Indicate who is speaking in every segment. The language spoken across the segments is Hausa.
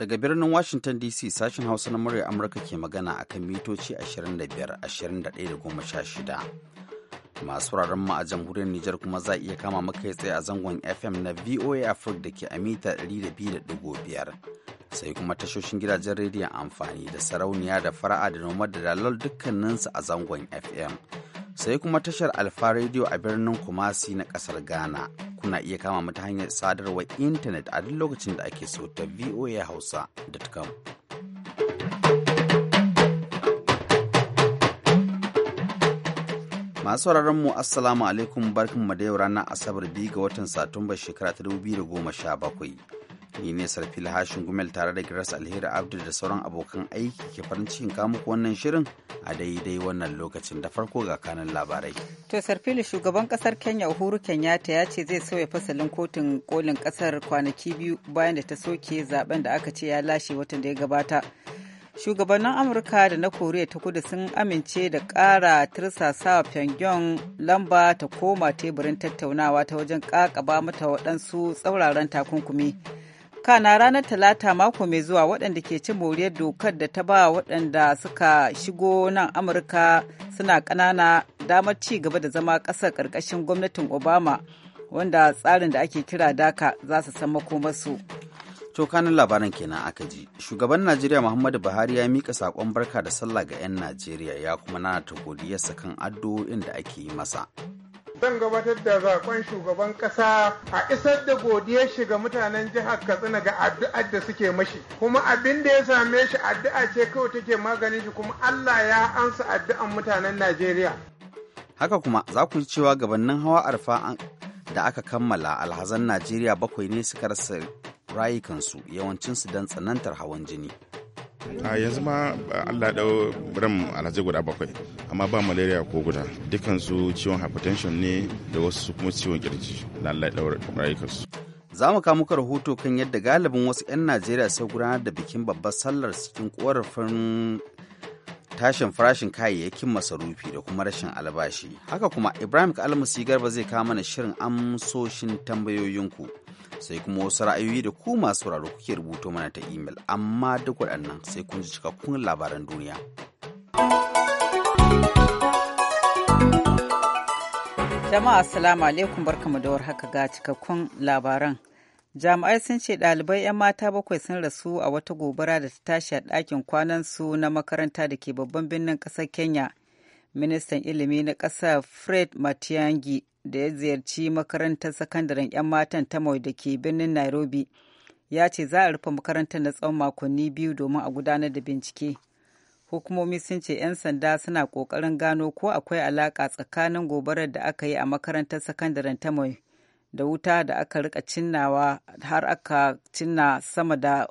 Speaker 1: Daga birnin Washington DC sashen Hausa na murya Amurka ke magana a kan mitoci 25-21-16. Masu wuraren mu a jamhuriyar Nijar kuma za iya kama maka tsaye a zangon FM na VOA Africa da ke a mita 200.5. Sai kuma tashoshin gidajen rediyon amfani da sarauniya da fara'a da noma da dalol dukkaninsu a zangon FM. sai kuma tashar Alfa Radio a birnin Kumasi na kasar Ghana. Kuna iya kama mata hanyar sadarwar intanet a duk lokacin da ake so ta voahausa.com. Masu sauraron mu Assalamu alaikum barkin da yau ranar Asabar 2 ga watan Satumba shekara ta 2017. ni ne sarfila hashin gumel tare da giras alheri abdul da sauran abokan aiki ke farin cikin kamuku wannan shirin a daidai wannan lokacin da farko ga kanan labarai.
Speaker 2: To Sarfili shugaban kasar Kenya Uhuru Kenyatta ya ce zai sauya fasalin kotun kolin kasar kwanaki biyu bayan da ta soke zaben da aka ce ya lashe watan da ya gabata. Shugabannin Amurka da na Koriya ta kudu sun amince da ƙara tirsasawa Pyongyang lamba ta koma teburin tattaunawa ta wajen ƙaƙaba mata waɗansu tsauraran takunkumi. kana ranar talata mako mai zuwa waɗanda ke cin moriyar dokar da ta ba waɗanda suka shigo nan amurka suna ƙanana damar ci gaba da zama ƙasar ƙarƙashin gwamnatin obama wanda tsarin da ake kira daka za su san makomarsu
Speaker 1: to kanin labaran kenan aka ji shugaban najeriya muhammadu buhari ya mika sakon barka da sallah ga 'yan najeriya ya kuma nana ta godiyarsa kan addu'o'in da ake yi masa
Speaker 3: zan gabatar da zakon shugaban kasa a isar da godiyar shi ga mutanen jihar katsina ga addu'ar da suke mashi kuma abin da ya same shi addu'a ce kawai take maganin shi kuma allah ya ansa addu'an mutanen najeriya
Speaker 1: haka kuma za ku ji cewa gabanin hawa arfa da aka kammala alhazan najeriya bakwai ne suka rasa rayukansu yawancinsu don tsanantar hawan jini
Speaker 4: a yanzu ma allah dau ram alhaji guda bakwai amma ba malaria ko guda dukansu ciwon hypertension ne da wasu kuma ciwon kirji da allah dau rayukansu za
Speaker 1: mu kawo muka rahoto kan yadda galibin wasu 'yan najeriya sai gudanar da bikin babbar sallar cikin korafin tashin farashin kayayyakin masarufi da kuma rashin albashi haka kuma ibrahim kalmasi garba zai kawo mana shirin amsoshin tambayoyinku sai kuma wasu ra'ayoyi da ku masu sauraro kuke rubuto mana ta imel amma duk waɗannan sai kun ji cikakkun labaran duniya.
Speaker 2: Jama'a Assalamu alaikum barkamu da haka ga cikakkun labaran. Jami'ai sun ce ɗalibai 'yan mata bakwai sun rasu a wata gobara da ta tashi a ɗakin su na makaranta da ke babban birnin ƙasar Kenya. Ministan ilimi na ƙasa Fred Matiangi da ya ziyarci makarantar sakandaren 'yan matan ta mai da ke birnin nairobi ya ce za a rufe makarantar na tsawon makonni biyu domin a gudanar da bincike hukumomi sun ce 'yan sanda suna kokarin gano ko akwai alaka tsakanin gobarar da aka yi a makarantar sakandaren ta mai da wuta da aka rika cinnawa har aka cinna sama da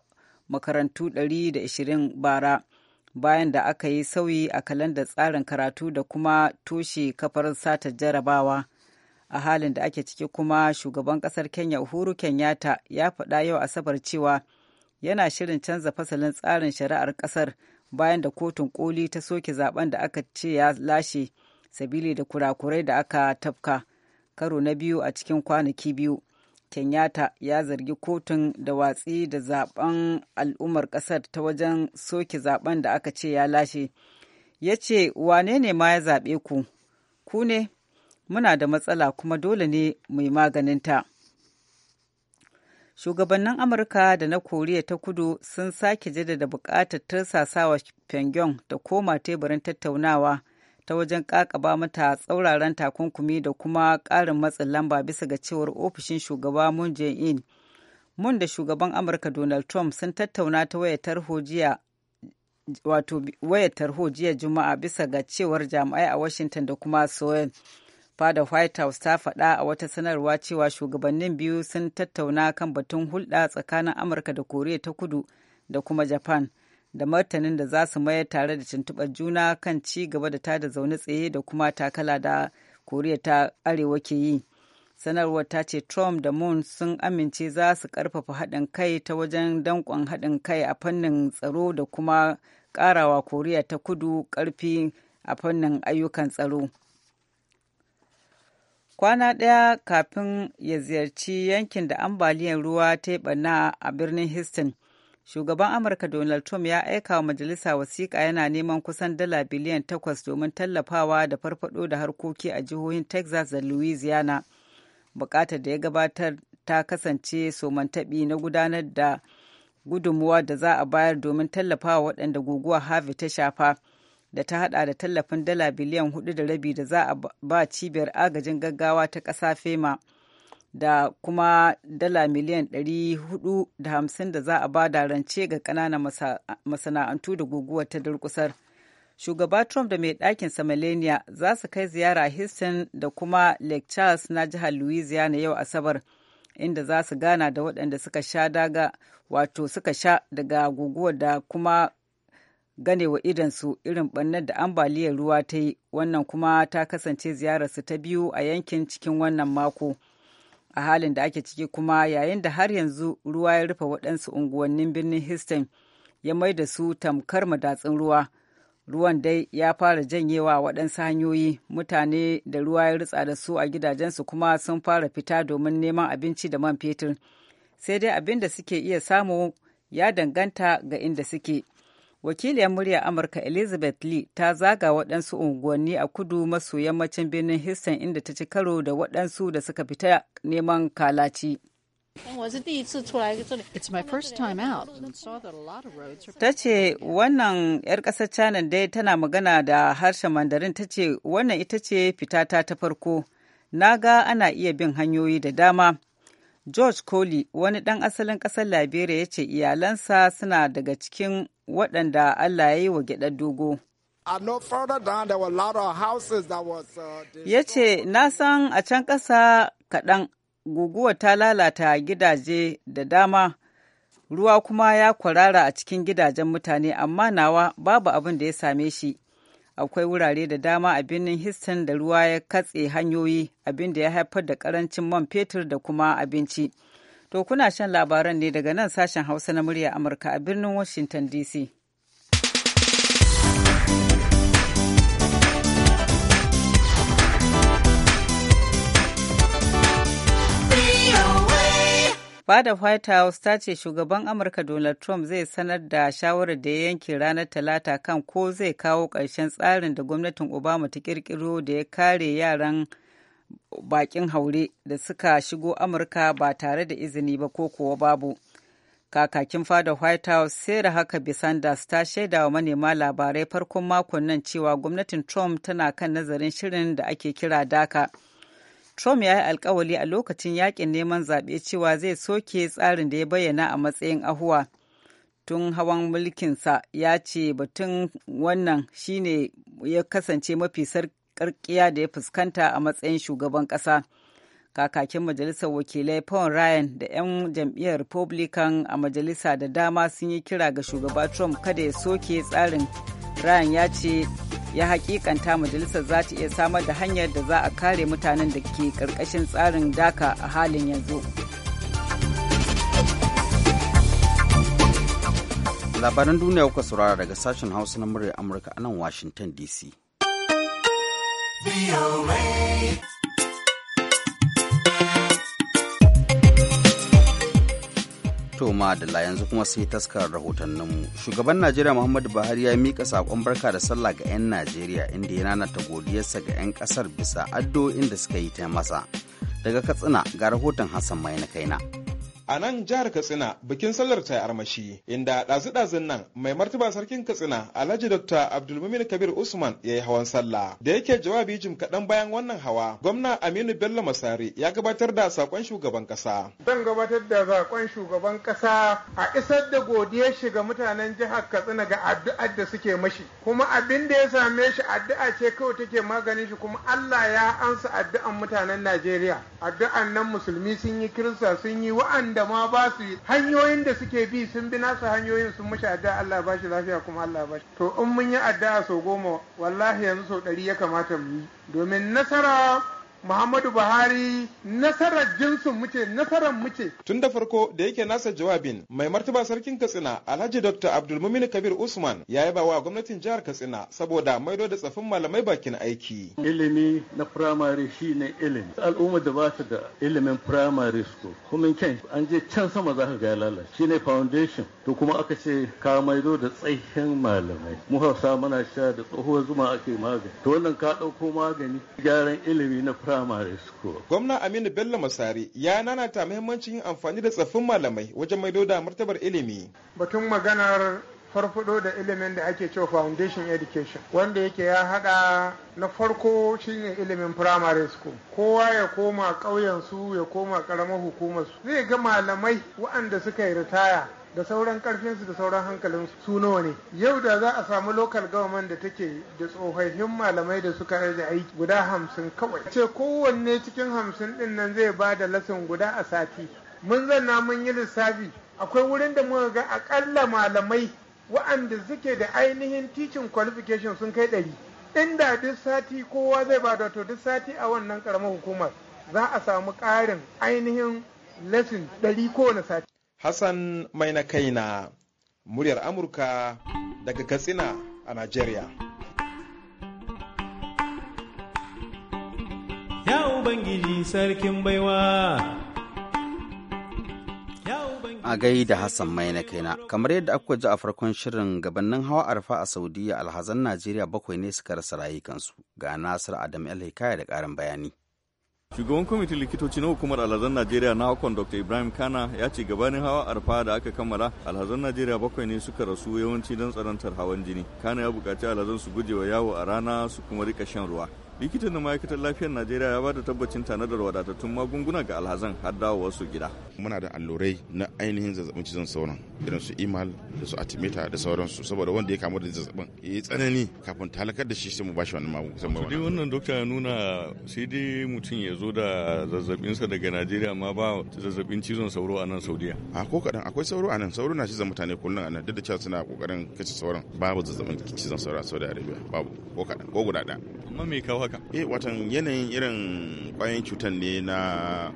Speaker 2: makarantu 120 bara bayan da aka yi sauyi a kalandar tsarin karatu da kuma toshe kafar sata jarabawa. a halin da ake ciki kuma shugaban kasar kenya uhuru kenyatta ya faɗa yau asabar cewa yana shirin canza fasalin tsarin shari'ar kasar bayan da kotun koli ta soke zaben da aka ce ya lashe sabili da kurakurai da aka tafka karo na biyu a cikin kwanaki biyu kenyatta ya zargi kotun da watsi da zaben al'ummar kasar ta wajen soke zaben da aka ce ya lashe ya ce wane ne ma ya zaɓe ku ku ne muna da matsala kuma dole ne mu yi ta Shugabannin Amurka da na Koriya ta kudu sun sake jaddada buƙatar tursasawa Pyongyang da koma teburin tattaunawa ta wajen ƙaƙaba mata tsauraran takunkumi da kuma ƙarin matsin lamba bisa ga cewar ofishin shugaba Moon Jae-in. Mun da shugaban Amurka Donald Trump sun tattauna ta wayar tarho jiya Juma'a bisa ga cewar jami'ai a Washington da kuma Seoul. fada white house ta faɗa a wata sanarwa cewa shugabannin biyu sun tattauna kan batun hulɗa tsakanin amurka da koriya ta kudu da kuma japan da martanin da za su mayar tare da tuntuɓar juna kan ci gaba da ta da zaune tsaye da kuma takala da koriya ta arewa ke yi sanarwar ta ce trump da moon sun amince za su karfafa haɗin kai ta wajen danƙon haɗin kai a fannin tsaro da kuma ƙarawa koriya ta kudu ƙarfi a fannin ayyukan tsaro kwana ɗaya kafin ya ziyarci yankin da ambaliyar ruwa ta ɓanna a birnin houston shugaban amurka donald trump ya aika wa majalisa wasiƙa yana neman kusan dala biliyan takwas domin tallafawa da farfado da harkoki a jihohin texas da louisiana buƙatar da ya gabatar ta kasance somantaɓi na gudanar da gudunmuwa da za a bayar domin tallafawa waɗanda guguwa harvey ta shafa da ta hada da tallafin dala biliyan hudu da rabi da za a ba cibiyar agajin gaggawa ta kasa fema da kuma dala miliyan hudu da hamsin da za a ba da rance ga ƙananan masana'antu da guguwar ta durkusar shugaba trump da mai ɗakin melania za su kai ziyara houston da kuma lake charles na jihar louisiana yau asabar inda za su gana da waɗanda suka sha daga wato suka sha daga guguwar da kuma ganewa idansu irin ɓannar da ambaliyar ruwa ta yi wannan kuma ta kasance ziyararsu ta biyu a yankin cikin wannan mako a halin da ake ciki kuma yayin da har yanzu ruwa ya rufe waɗansu unguwannin birnin histon ya mai da su tamkar madatsin ruwa ruwan dai ya fara janyewa waɗansu hanyoyi mutane da ruwa ya rutsa da su a gidajensu kuma sun fara fita domin neman abinci da man fetur sai dai abin da suke iya samu ya danganta ga inda suke wakiliyar murya amurka elizabeth lee ta zaga waɗansu unguwanni a kudu maso yammacin birnin houston inda ta ci karo da waɗansu da suka fita neman kalaci ta ce wannan 'yar ƙasar china dai tana magana da harshen mandarin ta ce wannan ita ce fitata ta farko na ga ana iya bin hanyoyi da dama george coley wani ɗan asalin ƙasar liberia ya ce iyalansa suna daga cikin waɗanda Allah ya yi wa gyaɗar dogo.
Speaker 5: Uh, ya
Speaker 2: ce, Na san a can ƙasa kaɗan guguwa ta lalata gidaje da dama, ruwa kuma ya kwarara a cikin gidajen mutane, amma nawa babu abin da ya same shi. Akwai wurare da dama a birnin Houston da ruwa ya katse hanyoyi, abin da ya haifar da ƙarancin man fetur da kuma abinci. To kuna shan labaran ne daga nan sashen Hausa na murya Amurka a birnin Washington DC. Fada White House ta ce shugaban Amurka Donald Trump zai sanar da shawarar da ya yanke ranar Talata kan ko zai kawo ƙarshen tsarin da gwamnatin Obama ta kirkiro da ya kare yaran bakin haure da suka shigo amurka ba tare da izini ba ko kuwa babu kakakin fada white house da haka sanders ta shaida wa manema labarai farkon makon nan cewa gwamnatin trump tana kan nazarin shirin da ake kira daka trump ya yi alkawali a lokacin yakin neman zaɓe cewa zai soke tsarin da ya bayyana a matsayin ahuwa tun hawan mulkinsa ya ce batun wannan shine ya kasance mafi sarki. sarƙarƙiya da ya fuskanta a matsayin shugaban kasa Kakakin Majalisar Wakilai Paul Ryan da 'yan jam'iyyar Republican a majalisa da dama sun yi kira ga shugaba Trump kada ya soke tsarin. Ryan ya ce ya hakikanta majalisar za ta iya samar da hanyar da za a kare mutanen da ke karkashin tsarin daka a halin yanzu.
Speaker 1: labaran duniya kuka saurara daga sashen hausa na murya amurka a nan washington dc To da yanzu kuma sai taskar rahotanninmu. Shugaban Najeriya Muhammadu Buhari ya mika saƙon barka da sallah ga 'yan Najeriya inda ya nanata godiyarsa ga 'yan ƙasar bisa addu'o'in da suka yi ta masa. Daga Katsina ga rahoton Hassan Mai na kaina. A nan jihar Katsina bikin sallar ta armashi inda ɗazu-ɗazun nan mai martaba sarkin Katsina
Speaker 3: Alhaji Dr. Abdulmumin Kabir Usman ya yi hawan sallah. Da yake jawabi jim kaɗan bayan wannan hawa, gwamna Aminu Bello Masari ya gabatar da sakon shugaban ƙasa. Zan gabatar da sakon shugaban ƙasa a isar da godiyar shi ga mutanen jihar Katsina ga addu'ar da suke mashi. Kuma abin da ya same shi addu'a ce kawai take maganin shi kuma Allah ya ansa addu'an mutanen Najeriya. Addu'an nan musulmi sun yi kirista sun yi wa'anda da ma ba su hanyoyin da suke bi sun bi nasu hanyoyin sun mushi addu'a Allah ba shi lafiya kuma Allah ba shi to in mun yi addu'a sau goma wallahi yanzu sau ɗari ya kamata mu yi domin nasara Muhammadu Buhari nasarar jinsin muke nasarar muke. Tun da farko da yake nasa jawabin mai martaba sarkin Katsina Alhaji Dr. Abdulmumin Kabir Usman ya yi bawa gwamnatin jihar Katsina saboda maido da tsafin malamai bakin aiki. Ilimi na firamare
Speaker 6: shine ilimi. Al'ummar da bata da ilimin firamare school kuma ken an je can sama za ka ga lalace shine foundation to kuma aka ce ka maido da tsayin malamai. Mu Hausa muna sha da tsohuwar zuma ake magani. To wannan ka ɗauko magani gyaran
Speaker 3: ilimi na primary school. Gwamna Aminu Bello Masari ya nanata muhimmancin yin amfani da tsaffin malamai wajen maido da martabar ilimi. Batun maganar farfado da ilimin da ake cewa foundation education wanda yake ya hada na farko shine ilimin primary school kowa ya koma ƙauyensu ya koma ƙaramar hukumarsu zai ga malamai waɗanda suka yi ritaya da sauran karfinsu da sauran hankalin su nawa ne yau da za a samu lokal government da take da tsofaffin malamai da suka rage aiki guda hamsin kawai ce kowanne cikin hamsin din nan zai ba da lasin guda a sati mun zanna mun yi lissafi akwai wurin da muka ga akalla malamai wa'anda suke da ainihin teaching qualification sun kai ɗari inda duk sati kowa zai ba da to duk sati a wannan karamar hukumar za a samu ƙarin ainihin lesson ɗari kowane sati Hassan mai na muryar Amurka daga Katsina a
Speaker 5: Najeriya.
Speaker 1: Ya
Speaker 6: Ubangiji sarkin baiwa.
Speaker 1: a gaida Hassan mai na kaina kamar yadda aka ji a farkon shirin gabanin hawa arfa a Saudiya alhazan Najeriya bakwai ne suka rasa rayukansu ga Nasir Adam El Hikaya da ƙarin
Speaker 7: bayani. Shugaban kwamitin likitoci na hukumar alhazan Najeriya na hakon Dr. Ibrahim Kana ya ce gabanin hawa arfa da aka kammala alhazan Najeriya bakwai ne suka rasu yawanci don tsarantar hawan jini. Kana ya buƙaci alhazan su gujewa yawo a rana su kuma rika shan ruwa. likitan da ma'aikatar lafiyar najeriya ya ba da tabbacin tanadar wadatattun magunguna ga alhazan har dawowarsu gida muna da allurai
Speaker 4: na ainihin zazzabin cizon sauron irin su imal da su atimeta da sauransu saboda wanda ya kamu da zazzabin ya yi tsanani kafin talakar da shi sai mu bashi wannan magungunan dai
Speaker 7: wannan dokta ya nuna sai dai mutum ya zo da zazzabinsa daga najeriya ma ba zazzabin cizon sauro a nan saudiya
Speaker 4: a ko kaɗan akwai sauro a nan sauro na cizon mutane kullum a nan duk da cewa suna kokarin kashe sauron babu zazzabin cizon sauro a saudiya arabia babu ko kadan ko guda ɗaya amma me kawo haka eh watan yanayin irin kwayoyin cutan ne na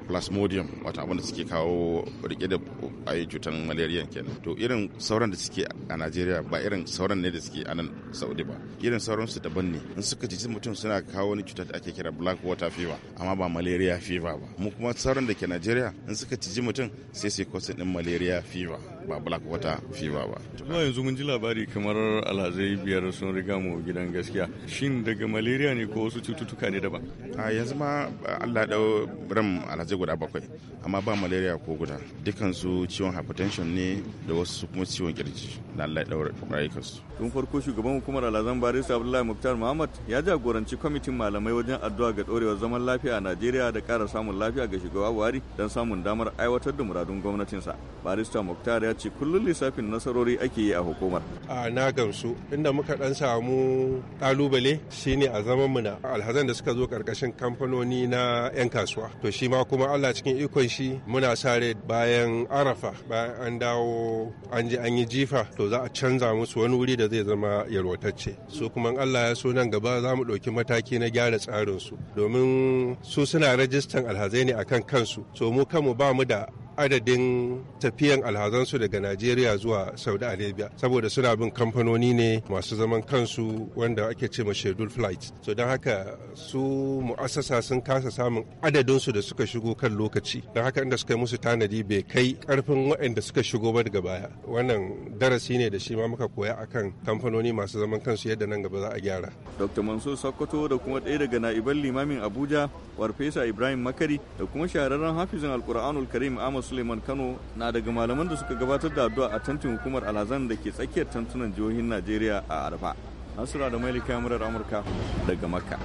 Speaker 4: plasmodium wata abin da suke kawo rike da kwayoyin cutan malaria kenan to irin sauran da suke a Najeriya ba irin sauran ne da suke a nan Saudi ba irin sauran su daban ne in suka ji mutum suna kawo wani cuta da ake kira black water fever amma ba malaria fever ba mu kuma sauran da ke Najeriya in suka ci mutum sai sai kwasin din malaria fever ba black water fever
Speaker 7: ba. Zuwa yanzu mun ji labari kamar alhazai biyar sun riga mu gidan gaskiya. Shin daga malaria ne ko wasu cututtuka ne daban? A
Speaker 4: yanzu ma Allah dau ram alhazai guda bakwai amma ba malaria ko guda. Dukan su ciwon hypertension ne da wasu kuma ciwon kirji da Allah ya rayukan su.
Speaker 7: Tun farko shugaban hukumar alhazan barista Abdullahi Muktar Muhammad ya jagoranci kwamitin malamai wajen addu'a ga dorewar zaman lafiya a Najeriya da ƙara samun lafiya ga shugaba Buhari don samun damar aiwatar da muradun gwamnatinsa. Barista Muktar ya ya ce kullum lissafin nasarori ake yi a hukumar.
Speaker 3: A na gamsu inda muka dan samu kalubale shine a zaman mu na alhazan da suka zo karkashin kamfanoni na 'yan kasuwa. To shi ma kuma Allah cikin ikon shi muna sare bayan arafa bayan an dawo an ji an yi jifa to za a canza musu wani wuri da zai zama yalwatacce. Su kuma Allah ya so nan gaba za mu ɗauki mataki na gyara tsarin su domin su suna rajistan alhazai ne akan kansu. To mu kanmu ba mu da adadin tafiyan alhazansu daga Najeriya zuwa Saudi Arabia saboda suna bin kamfanoni ne masu zaman kansu wanda ake ce ma schedule flight. So don haka su mu'assasa sun kasa samun adadinsu da suka shigo kan lokaci. Don haka inda suka yi musu tanadi bai kai karfin waɗanda suka shigo ba daga baya. Wannan darasi ne da shi ma muka koya akan kamfanoni
Speaker 7: masu zaman kansu yadda nan gaba za a gyara. Dr. Mansur Sokoto da kuma ɗaya daga na'ibar limamin Abuja, Warfesa Ibrahim Makari da kuma shahararren hafizin Alkur'anul Karim Amos suleiman kano na daga malaman da suka gabatar da addu'a a tantin hukumar alhazan da ke tsakiyar tantunan jihohin najeriya a arfa nasura da mailika murar amurka daga makka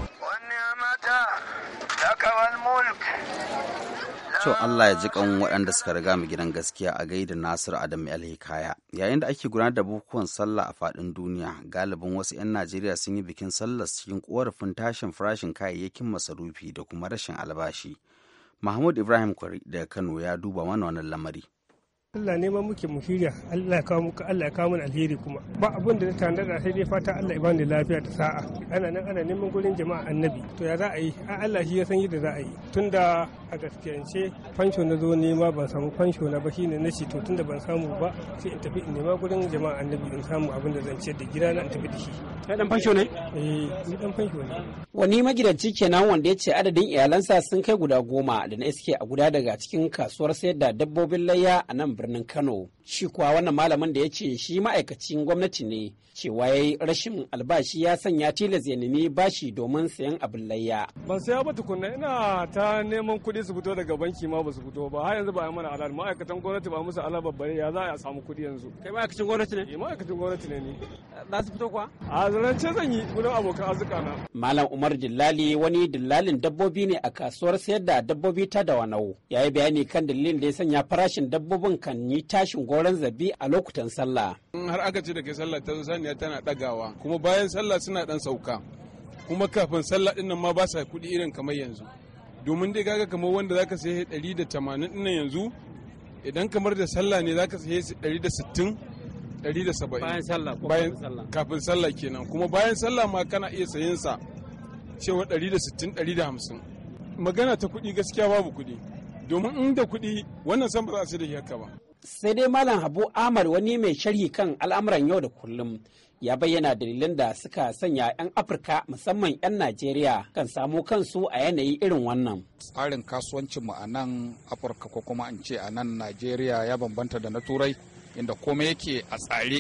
Speaker 1: To Allah ya ji kan waɗanda suka riga mu gidan gaskiya a gaida Nasir Adam hikaya Yayin da ake gudanar da bukukuwan sallah a faɗin duniya, galibin wasu 'yan Najeriya sun yi bikin sallar cikin korafin tashin farashin kayayyakin masarufi da kuma rashin albashi. mahmud ibrahim kwari daga kano ya duba mana wannan lamari
Speaker 6: Allah ma muke mu shirya Allah ya kawo muka Allah ya kawo mana alheri kuma ba abin da na da sai dai fata Allah ya bani lafiya da sa'a ana nan ana neman gurin jama'a annabi to ya za a yi a Allah shi ya san yadda za a yi tunda a gaskiyance fansho na zo nema ban samu fansho na ba shine na ce to tunda ban samu ba sai in tafi in nema gurin jama'a annabi in samu abin da zan ciyar da gida na in tafi da shi kai dan fansho ne eh ni dan fansho ne
Speaker 8: wani magidanci kenan wanda ya ce adadin iyalansa sun kai guda goma da na iske a guda daga cikin kasuwar sayar da dabbobin layya a nan birnin Kano. shi kuwa wannan malamin da ya ce shi ma'aikacin gwamnati ne cewa ya yi rashin albashi ya sanya tilas ya nemi bashi domin sayan abin layya.
Speaker 6: ban saya ba tukunna ina ta neman kuɗi su fito daga banki ma ba su fito ba har yanzu ba a mana alal ma'aikatan gwamnati ba musu alal babbare ya za a samu kuɗi yanzu. kai ma'aikacin gwamnati ne. Eh, ma'aikacin gwamnati ne ni. za su fito kuwa. a zarance zan yi gudun abokan arzika na.
Speaker 8: malam umar dillali wani dillalin dabbobi ne a kasuwar sayar da dabbobi ta dawanau, ya yi bayani kan dalilin da ya sanya farashin dabbobin kan yi tashin gwamnati sauran zabi a lokutan sallah.
Speaker 5: har aka ce da ke sallah ta saniya tana dagawa kuma bayan sallah suna dan sauka kuma kafin sallah ɗin nan ma ba sa kuɗi irin kamar yanzu. Domin dai kaga kamar wanda zaka sai 180 da tamanin yanzu idan kamar da sallah ne zaka sai 160 da sittin ɗari da saba'in. Bayan sallah bayan kafin sallah kenan kuma bayan sallah ma kana iya sayin sa cewa 160 da sittin da hamsin. Magana ta kuɗi gaskiya babu kuɗi. domin inda kudi kuɗi wannan san ba za a sai da haka ba
Speaker 8: sai dai malam habu ahmad wani mai sharhi kan al'amuran yau da kullum ya bayyana dalilan da suka sanya 'yan afirka musamman 'yan najeriya kan samu kansu a yanayi
Speaker 5: irin wannan tsarin kasuwancin mu a nan afirka ko kuma an ce a nan najeriya ya bambanta da na turai inda komai yake a tsare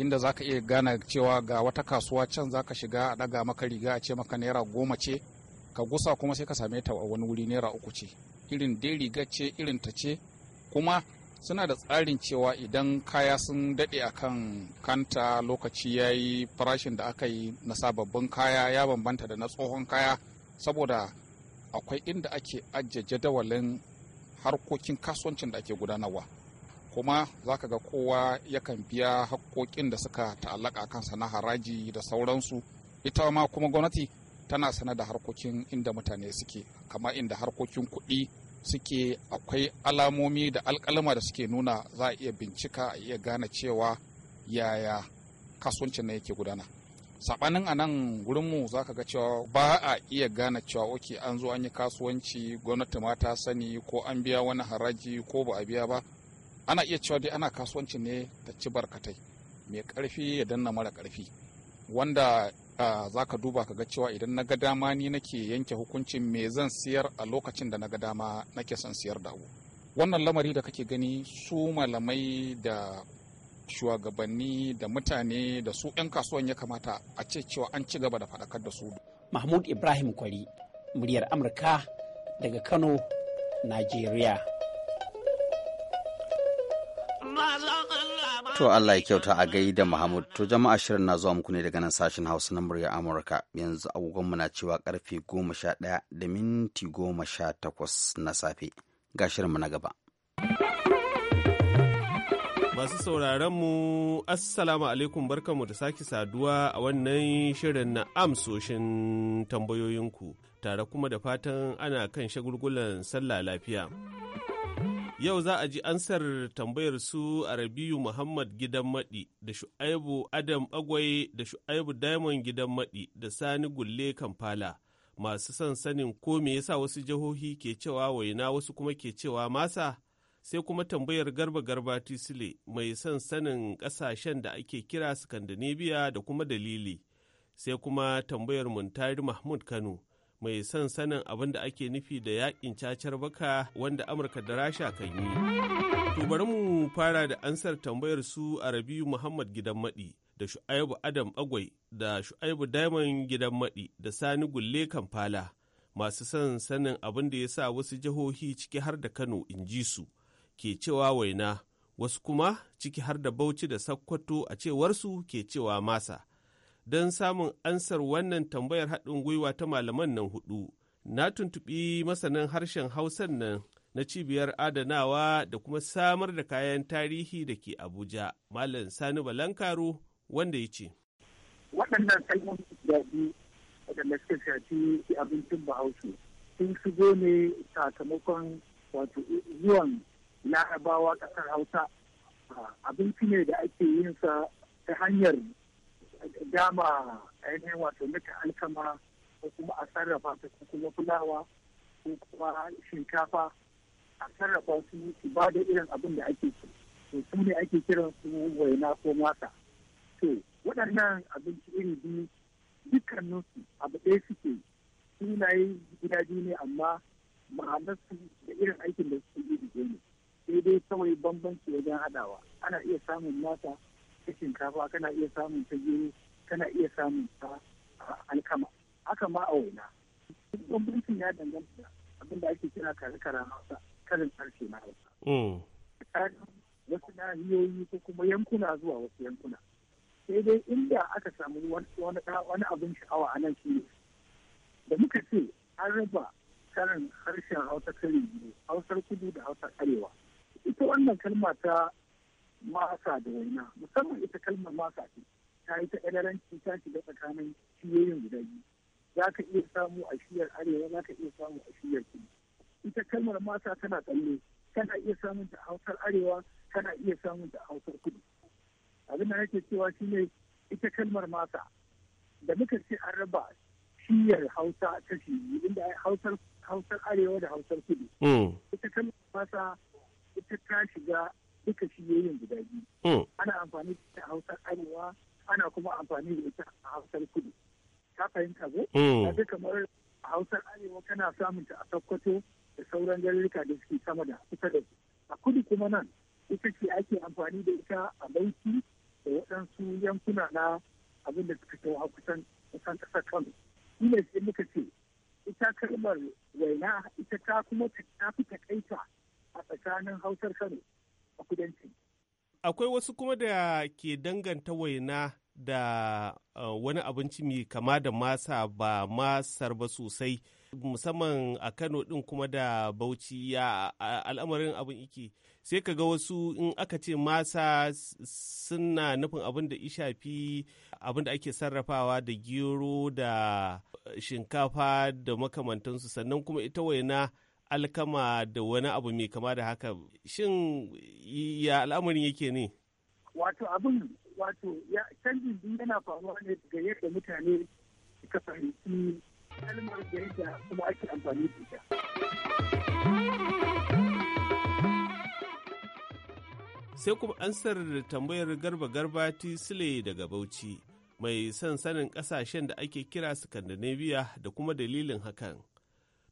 Speaker 5: inda za ka iya gane cewa ga wata kasuwa can za ka shiga a ɗaga maka riga a ce maka naira goma ce ka gusa kuma sai ka same ta a wani wuri naira uku ce irin dai riga ce irin ta ce kuma suna da tsarin cewa idan kaya sun daɗe a kan kanta lokaci ya yi farashin da aka yi na sababbin kaya ya bambanta da na tsohon kaya saboda akwai inda ake ajiye jadawalin harkokin kasuwancin da ake gudanarwa kuma za ka ga kowa yakan biya harkokin da suka ta'allaka kansa na haraji da sauransu ita ma kuma gwamnati tana sanar da harkokin inda mutane suke kama inda harkokin kuɗi suke akwai alamomi da alkalama da suke nuna za a iya bincika a iya gane cewa yaya kasuwancin na yake gudana sabanin a nan gurinmu za ka ga cewa ba a iya gane cewa oke an zo an yi kasuwanci gwamnati ma ta sani ko an biya wani haraji ko ba a biya ba ana iya cewa dai ana kasuwanci ne ta ci barkatai mai ƙarfi ya danna mara karfi wanda za ka duba ka ga cewa idan na ga dama ni nake yanke hukuncin me zan siyar a lokacin da na ga dama nake son siyar da abu wannan lamari da kake gani su malamai da shugabanni da mutane da su 'yan kasuwan ya kamata a ce cewa an ci gaba da faɗakar da su.
Speaker 8: Mahmud Ibrahim Kwari, muryar Amurka daga Kano, Najeriya.
Speaker 1: To Allah ya kyauta a gaida Muhammad. To jama'a shirin na zuwa muku ne daga nan sashen Hausa na murya Amurka. Yanzu agogonmu na cewa karfe goma sha ɗaya da minti goma sha takwas na safe. Ga shirinmu na gaba.
Speaker 6: Masu sauraron mu Assalamu alaikum barkanmu da sake saduwa a wannan shirin na amsoshin tambayoyinku tare kuma da fatan ana kan shagulgulan sallah lafiya. Yau za a ji ansar tambayar su a Rabiu Muhammad gidan maɗi da Shu'aibu Adam Agwai da Shu'aibu Diamond gidan maɗi da Sani Gulle Kamfala. Masu son sanin ko me yasa wasu jihohi ke cewa waina wasu kuma ke cewa masa sai kuma tambayar garba garba tisile mai son sanin ƙasashen da ake kira Scandinavia da kuma dalili sai kuma tambayar Muntari Mahmud Kano. mai son sanin abin da ake nufi da yakin cacar baka wanda amurka da rasha kan yi to mu fara da ansar tambayar su a rabiu muhammad gidan maɗi da shu'aibu adam agwai da shu'aibu diamond gidan maɗi da sani gulle kamfala masu son sanin abin da ya sa wasu jihohi ciki har da kano in ji su ke cewa waina wasu kuma ciki har da bauchi da sakkwato a cewarsu ke cewa masa don samun ansar wannan tambayar haɗin gwiwa ta malaman nan hudu na tuntubi masanan harshen hausan nan na cibiyar adanawa da kuma samar da kayan tarihi da ke abuja malam sani balankaro wanda ya ce
Speaker 9: waɗannan kalmomi da shafi abincin bahaushe sun shigo ne sakamakon wato zuwan larabawa ƙasar hausa abinci ne da ake yin sa ta hanyar dama ainihin wato nika alkama ko kuma a sarrafa ta ko kuma fulawa ko kuma shinkafa a sarrafa su su ba da irin abin da ake ci to su ne ake kiran su waina ko mata? to waɗannan abinci iri biyu dukkaninsu abu ɗaya suke sunaye gida biyu ne amma ma'anarsu da irin aikin da suke iri ne sai dai kawai bambanci wajen haɗawa ana iya samun mata ta shinkafa kana iya samun ta gero kana iya samun ta ah, alkama haka ma a waina bambancin ya danganta abinda ake kira kare kare hausa karin harshe na hausa mm. tsakanin wasu nahiyoyi ko kuma yankuna zuwa wasu yankuna sai dai inda aka samu wani abin sha'awa a nan shine da muka ce an raba karin harshen hausa karin biyu hausar kudu da hausar arewa ita wannan kalma ta masa da waina musamman ita kalmar masa ce ta yi ta ƙararanci ta shiga tsakanin shiyoyin guda biyu za ka iya samu a shiyar arewa za ka iya samu a shiyar kudu ita kalmar masa tana tsalle kana iya samun ta a hausar arewa kana iya samun ta a hausar kudu abin da nake cewa shi ne ita kalmar masa da muka ce an raba shiyar hausa ta shi inda hausar hausar arewa da hausar kudu hmm. ita kalmar masa ita ta shiga duka yin guda biyu. Hmm. Ana amfani da hausar arewa ana kuma amfani da ita a hausar kudu. Ka fahimta ko? Hmm. kamar a hausar arewa kana samun ta a Sokoto da sauran garuruka da suke sama da kusa da su. A kudu kuma nan ita ce ake amfani da ita a Bauchi da waɗansu yankuna na abin da suka kusan kusan ƙasar Kano. Shi ne sai muka ce ita kalmar waina ita ta kuma ta fi takaita a tsakanin hausar Kano a kudanci.
Speaker 6: Akwai wasu kuma da ke danganta waina da eh, wani abinci mai kama da masa ba masar ba sosai musamman a Kano ɗin kuma da Bauchi ya al'amarin abin iki. Sai ka ga wasu in aka ce masa suna nufin abin da ishafi abin da ake sarrafawa da gero da eh, shinkafa da makamantansu sannan kuma ita waina alkama da wani abu mai kama da haka shin ya al'amarin yake ne
Speaker 9: wato abin wato ya canjin din yana faruwa ne daga yadda mutane suka fahimci kalmar da yadda kuma ake amfani da ita
Speaker 6: sai kuma ansar tambayar garba garba sile daga bauchi mai son sanin kasashen da ake kira Scandinavia da kuma dalilin hakan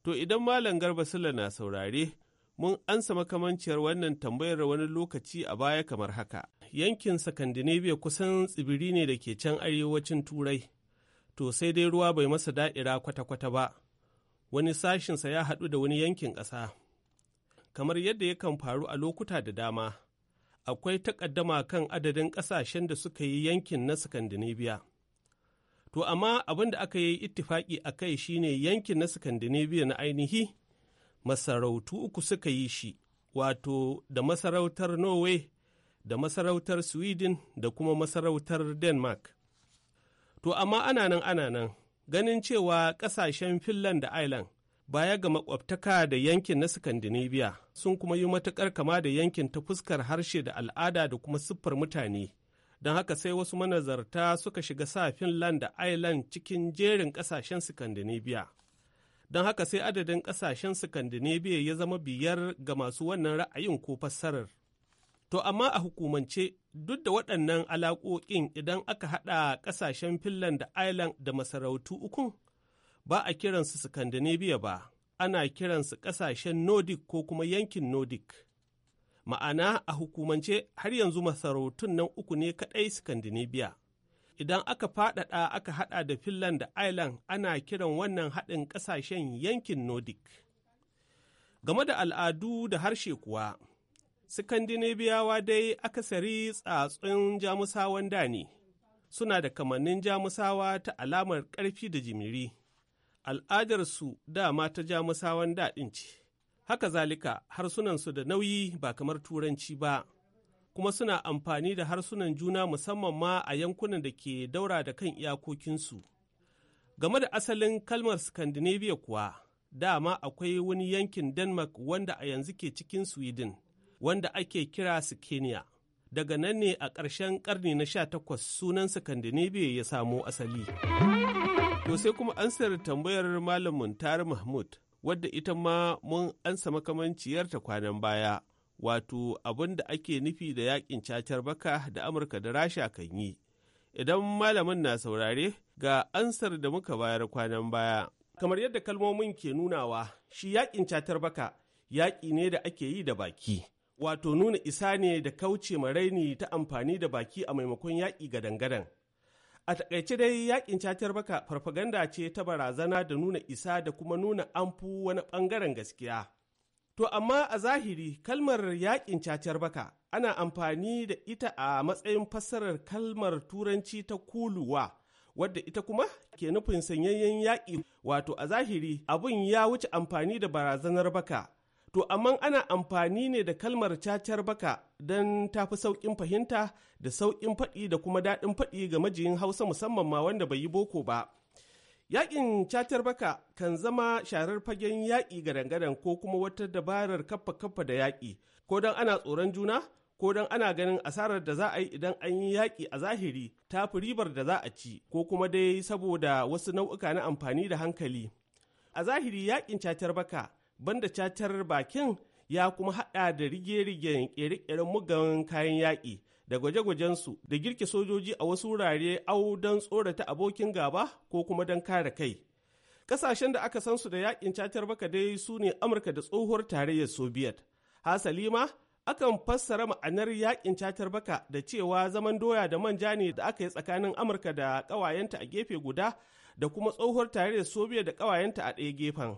Speaker 6: To idan Malam Garba Sula na saurare, mun ansa makamanciyar wannan tambayar wani lokaci a baya kamar haka. Yankin Sakandinebiya kusan tsibiri ne da ke can arewacin Turai, to sai dai ruwa bai masa da'ira kwata-kwata ba, wani sashinsa ya haɗu da wani yankin ƙasa. Kamar yadda yakan faru a lokuta da dama, akwai takaddama kan adadin ƙasashen da suka yi yankin na Sakandinebiya. To amma abin da aka yi ittifaƙi a kai shi ne yankin na Scandinavia na ainihi masarautu uku suka yi shi, wato da masarautar Norway, da masarautar Sweden da kuma masarautar Denmark. To amma ana nan ana nan ganin cewa ƙasashen Finland da Ireland baya ga makwabtaka da yankin na Scandinavia sun kuma yi matuƙar kama da yankin ta fuskar harshe da al'ada da kuma siffar mutane. don haka sai wasu manazarta suka shiga sa Finland da Ireland cikin jerin ƙasashen Scandinavia. Don haka sai adadin ƙasashen Scandinavia ya zama biyar ga masu wannan ra'ayin ko fassarar. To amma a hukumance duk da waɗannan alaƙoƙin idan aka haɗa ƙasashen Finland da Ireland da masarautu uku, ba a kiransu Scandinavia ba, ana kiransu ƙasashen Nordic ko kuma yankin Nordic. ma'ana a hukumance har yanzu masarautun nan uku ne kaɗai Scandinavia. Idan aka faɗaɗa aka haɗa da Finland da Ireland ana kiran wannan haɗin ƙasashen yankin Nordic. Game da al'adu da harshe kuwa, Scandinaviawa dai akasari tsatsun jamusawan da ne, suna da kamannin jamusawa ta alamar ƙarfi da jimiri. Al'adarsu dama ta jamusawan daɗin ce. Haka zalika harsunansu da nauyi ba kamar turanci ba, kuma suna amfani da harsunan juna musamman ma a yankunan da ke daura da kan iyakokinsu. Game da asalin kalmar Scandinavia kuwa, dama akwai wani yankin Denmark wanda a yanzu ke cikin Sweden, wanda ake kira Skenia. Daga nan ne a ƙarshen ƙarni na sha takwas sunan Scandinavia ya samo asali. To sai kuma ansar tambayar Malam Muntari Mahmud. wadda ita ma mun ansa makamanciyarta kwanan baya, wato abin da ake nufi da yakin cacar baka da Amurka da Rasha kan yi. Idan malamin na saurare ga ansar da muka bayar kwanan baya. Kamar yadda kalmomin ke nunawa, shi yakin catar baka yaƙi ne da ake yi da baki. Wato nuna isa ne da kauce ma raini ta amfani da baki a maimakon yaƙi gadan-gadan. A takaice dai yakin cacar baka farfaganda ce ta barazana da nuna isa da kuma nuna amfu wani bangaren gaskiya. To amma a zahiri kalmar yakin cacar baka ana amfani da ita a matsayin fassarar kalmar turanci ta kuluwa wadda ita kuma ke nufin sanyayyen yaƙi wato a zahiri abun ya wuce amfani da barazanar baka to amma ana amfani ne da kalmar cacar baka don tafi sauƙin fahimta da sauƙin faɗi da kuma daɗin faɗi ga majiyin hausa musamman ma wanda bai yi boko ba yaƙin cacar baka kan zama sharar fagen yaƙi ga dangadan ko kuma wata dabarar kaffa kaffa da yaƙi ko don ana tsoron juna ko don ana ganin asarar da za a yi idan an yi yaƙi a zahiri ta fi ribar da za a ci ko kuma dai saboda wasu nau'uka na amfani da hankali a zahiri yaƙin cacar baka banda catar bakin ya kuma hada da rige rige kere ƙeren mugan kayan yaƙi da gwaje gwajen su da girke sojoji a wasu wurare au don tsorata abokin gaba ko kuma don kare kai. Kasashen da aka san su da yakin catar baka dai su ne Amurka da tsohuwar tarayyar Soviet. Hasali ma akan fassara ma'anar yaƙin catar baka da cewa zaman doya da manja ne da aka yi tsakanin Amurka da ƙawayenta a gefe guda da kuma tsohuwar tarayyar Soviet da ƙawayenta a ɗaya gefen.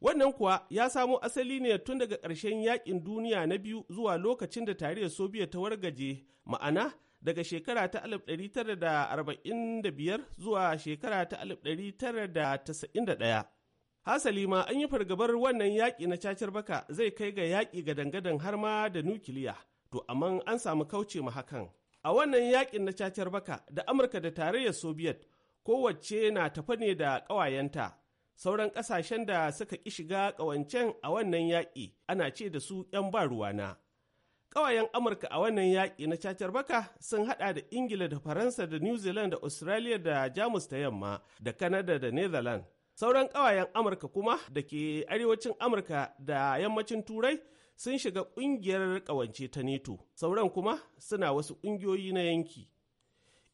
Speaker 6: Wannan kuwa ya samo asali ne tun daga ƙarshen yaƙin duniya na biyu zuwa lokacin da tarihin Soviet ta wargaje, ma'ana daga shekara ta 1945 zuwa shekara ta 1991. Hasali ma an yi fargabar wannan yaƙi na cacar baka zai kai ga yaƙi ga dangadan har ma da nukiliya, to amma an samu kauce ma hakan. A wannan yaƙin na cacar baka da Amurka da tarayyar Soviet kowacce na tafa ne da ƙawayenta. Sauran ƙasashen da suka ƙi shiga ƙawancen a wannan yaƙi ana ce da su 'yan ba ruwana. Ƙawayen Amurka a wannan yaƙi na cacar baka sun haɗa da Ingila da Faransa da New Zealand da Australia da Jamus ta yamma da Canada da Netherlands. Sauran ƙawayen Amurka kuma da ke arewacin Amurka da yammacin Turai sun shiga ƙungiyar ƙawance ta NATO. Sauran kuma suna wasu ƙungiyoyi na yanki.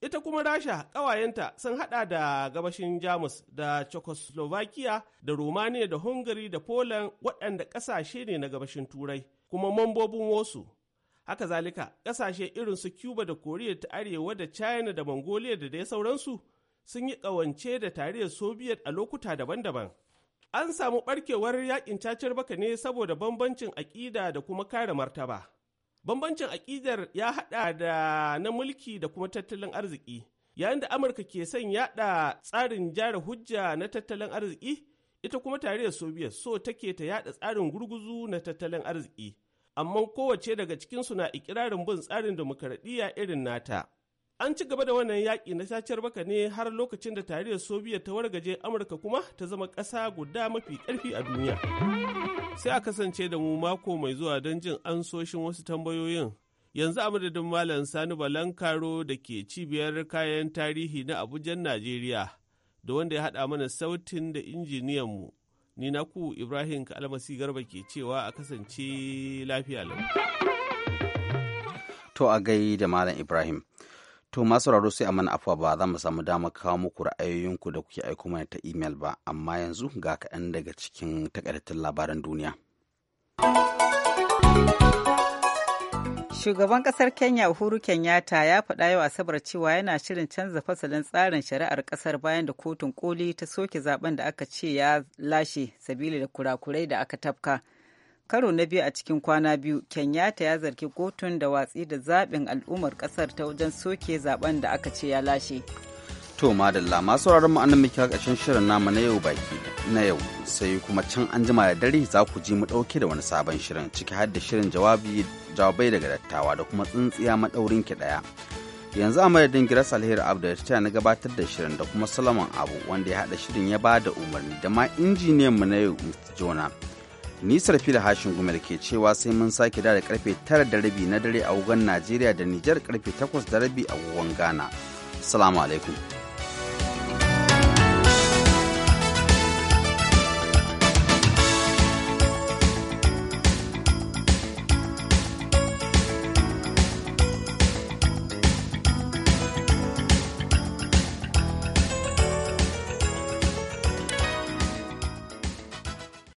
Speaker 6: Ita kuma Rasha ƙawayenta sun hada da gabashin Jamus da Czechoslovakia da Romania da Hungary da Poland waɗanda ƙasashe ne na gabashin Turai kuma mambobin wasu. Haka zalika ƙasashe irin su Cuba da Koriya ta Arewa da China da Mongolia da dai sauransu sun yi ƙawance da tarayyar Soviet a lokuta daban-daban. An samu ɓarkewar yakin cacar baka ne saboda bambancin aƙida da kuma kare martaba. Bambancin aƙidar ya haɗa da na mulki da kuma tattalin arziki. Yayin da Amurka ke son yaɗa tsarin jara hujja na tattalin arziki, ita kuma tarayyar Soviet so take ta yaɗa tsarin gurguzu na tattalin arziki. Amma kowace daga cikinsu na ikirarin bin tsarin demokaradiyya irin nata. An ci gaba da wannan yaƙi na sacar baka ne har lokacin da tarayyar Soviet ta wargaje Amurka kuma ta zama ƙasa guda mafi ƙarfi a duniya. Sai a kasance da mu mako mai zuwa don jin ansoshin wasu tambayoyin. Yanzu a madadin Malam Sani Balankaro da ke cibiyar kayan tarihi na abujan Najeriya, da wanda ya haɗa mana sautin da injiniyanmu. Ni na ku Ibrahim Kalmasi Garba ke cewa a kasance lafiya lau.
Speaker 1: To a gai da Malam Ibrahim. To masu raro sai a mana afuwa ba za mu samu dama kawo muku ra'ayoyinku da kuke aiko mana ta imel ba, amma yanzu ga kaɗan daga cikin takaitattun labaran duniya.
Speaker 2: Shugaban ƙasar Kenya Uhuru Kenyatta ya faɗa yau Asabar cewa yana shirin canza fasalin tsarin shari'ar ƙasar bayan da kotun koli ta soke zaben da aka ce ya lashe sabili da kurakurai da aka tafka. karo na biyu a cikin kwana biyu kenyatta ya zargi kotun da watsi da zaɓin al'ummar ƙasar ta wajen soke zaben da aka ce ya lashe
Speaker 1: to madalla masu wuraren mu annan muke ƙarshen shirin namu na yau baki na yau sai kuma can an jima da dare za ku ji mu ɗauke da wani sabon shirin ciki har da shirin jawabi jawabai daga dattawa da kuma tsintsiya maɗaurin ki ɗaya yanzu a madadin giras alheri abu da ta na gabatar da shirin da kuma solomon abu wanda ya haɗa shirin ya ba da umarni da ma injiniyan mu na yau mr jona nisar fila hashin gumel ke cewa sai mun sake da karfe tara da rabi na dare a wugan najeriya da nijar karfe takwas da rabi a wugan ghana salamu alaikum